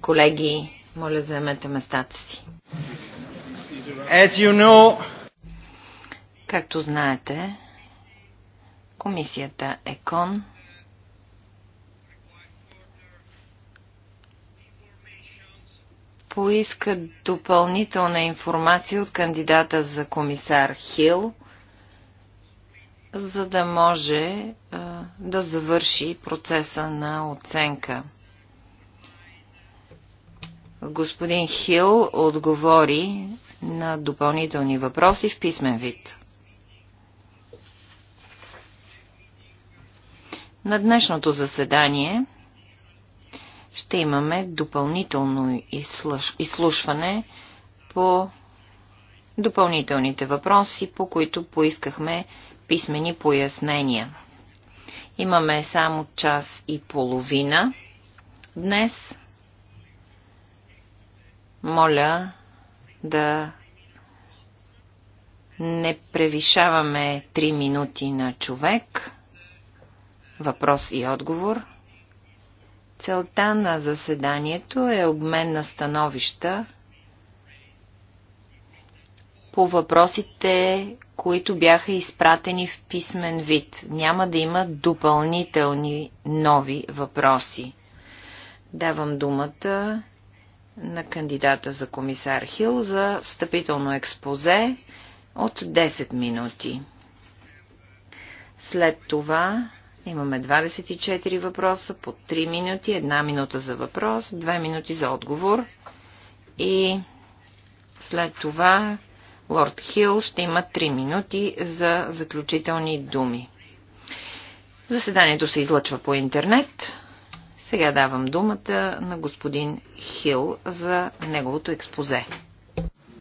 Колеги, моля заемете местата си. Както знаете, комисията ЕКОН поиска допълнителна информация от кандидата за комисар Хил, за да може а, да завърши процеса на оценка. Господин Хил отговори на допълнителни въпроси в писмен вид. На днешното заседание ще имаме допълнително изслушване по допълнителните въпроси, по които поискахме писмени пояснения. Имаме само час и половина днес. Моля да не превишаваме 3 минути на човек. Въпрос и отговор. Целта на заседанието е обмен на становища по въпросите, които бяха изпратени в писмен вид. Няма да има допълнителни нови въпроси. Давам думата на кандидата за комисар Хил за встъпително експозе от 10 минути. След това имаме 24 въпроса по 3 минути, 1 минута за въпрос, 2 минути за отговор и след това Лорд Хил ще има 3 минути за заключителни думи. Заседанието се излъчва по интернет. Сега давам думата на господин Хил за неговото експозе.